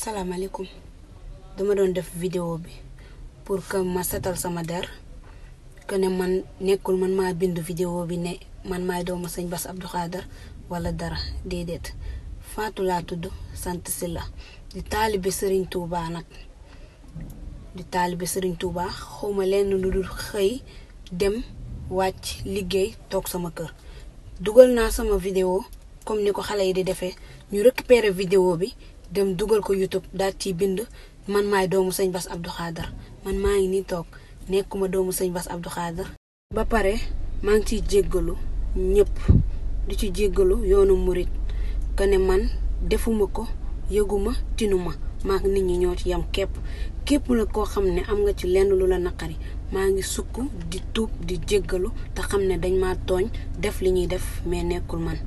salaamaaleykum dama doon def vidéo bi pour que ma setal sama der que ne man nekkul man maa bindu vidéo bi ne man maay doomu sëñ Bass Abdou Khadre wala dara déedéet faatu laa tudd sant si la di taalibe Serigne Touba nag di taalibe Serigne Touba xawma lenn lu dul xëy dem wàcc liggéey toog sama kër dugal naa sama vidéo comme ni ko xale yi di defee ñu récupérer vidéo bi dem dugal ko YouTube daal ciy bind man maay doomu sëñ Bass Abdou Khader man maa ngi ni toog nekkuma doomu sëñ Bass Abdou Khader. ba pare maa ngi ciy jéggalu ñëpp du ci jéggalu yoonu murit que ne man defuma ko yëguma tinuma maa nit ñi ñoo ci yam képp képp koo xam ne am nga ci lenn lu la naqari maa ngi sukk di tuub di jéggalu te xam ne dañ ma tooñ def li ñuy def mais nekkul man